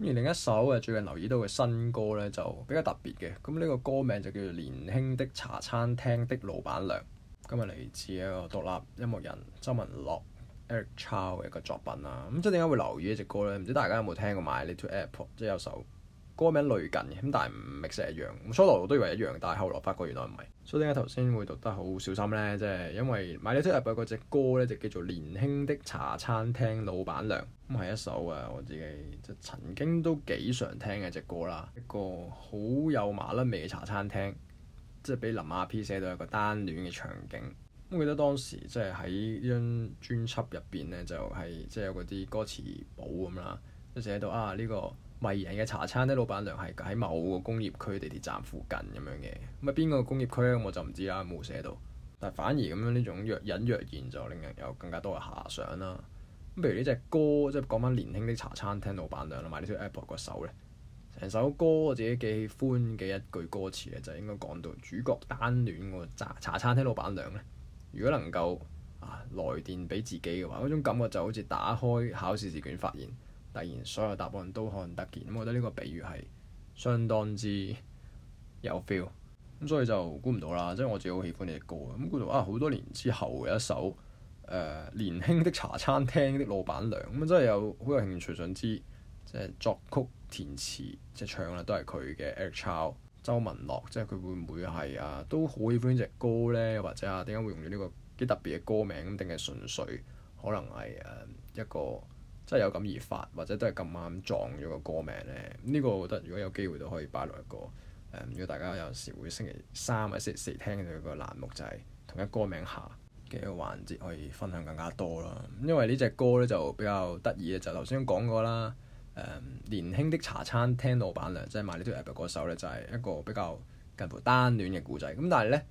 而另一首誒最近留意到嘅新歌咧，就比較特別嘅。咁呢個歌名就叫做《年輕的茶餐廳的老闆娘》，咁啊嚟自一個獨立音樂人鄒旻諾 Eric Chow 嘅一個作品啊。咁即係點解會留意呢隻歌咧？唔知大家有冇聽過 My Little Apple，即係有首。歌名類近咁，但係唔係成一樣。初頭我都以為一樣，但係後來發覺原來唔係。所以點解頭先會讀得好小心呢？即係因為 My Little Airport 嗰隻歌呢，就叫做《年輕的茶餐廳老闆娘》。咁係一首啊，我自己即係曾經都幾常聽嘅隻歌啦。一個好有麻甩味嘅茶餐廳，即係俾林阿 P 寫到一個單戀嘅場景。咁記得當時即係喺呢張專輯入邊呢，就係即係有嗰啲歌詞簿咁啦，都寫到啊呢個。迷人嘅茶餐廳老闆娘係喺某個工業區地鐵站附近咁樣嘅。咁啊，邊個工業區咧？我就唔知啦，冇寫到。但反而咁樣呢種若隱若現，就令人有更加多嘅遐想啦。咁譬如呢隻歌，即係講翻年輕的茶餐廳老闆娘同埋呢條 Apple 個 App 手咧，成首歌我自己幾喜歡嘅一句歌詞咧，就是、應該講到主角單戀個茶茶餐廳老闆娘咧。如果能夠啊來電俾自己嘅話，嗰種感覺就好似打開考試試卷發現。突然所有答案都可能得見，咁我覺得呢個比喻係相當之有 feel，咁所以就估唔到啦。即係我自己好喜歡呢隻歌，咁估到啊，好多年之後有一首誒、呃、年輕的茶餐廳的老闆娘，咁真係有好有興趣想知即係作曲填詞即係唱啦都係佢嘅 Eric Chou 周文樂，即係佢會唔會係啊都好喜歡呢隻歌咧，或者啊點解會用咗呢個幾特別嘅歌名，定係純粹可能係誒、啊、一個？即係有感而發，或者都係咁啱撞咗個歌名呢？呢、這個我覺得如果有機會都可以擺落一個，如果大家有時會星期三或者星期四,四聽嘅個欄目就係、是、同一歌名下嘅一個環節，可以分享更加多啦。因為呢隻歌呢，就比較得意嘅，就頭先講過啦。嗯、年輕的茶餐廳老闆娘即係 My Little Airport 嗰首呢，就係、是、一個比較近乎單戀嘅故仔。咁、嗯、但係咧，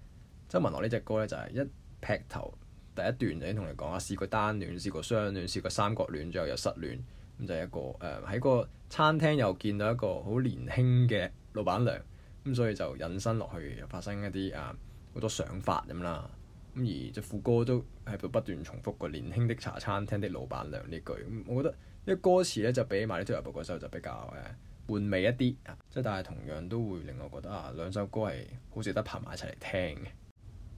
鄒旻諾呢隻歌呢，就係、是、一劈頭。第一段就已經同你講啦，試過單戀，試過雙戀，試過三角戀，最後又失戀，咁就一個誒喺、呃、個餐廳又見到一個好年輕嘅老闆娘，咁所以就引申落去，又發生一啲啊好多想法咁啦，咁而隻副歌都喺度不斷重複個年輕的茶餐廳的老闆娘呢句，咁我覺得啲歌詞咧就比起呢張日報嗰首就比較嘅換味一啲，即係但係同樣都會令我覺得啊兩首歌係好值得拍埋一齊嚟聽嘅。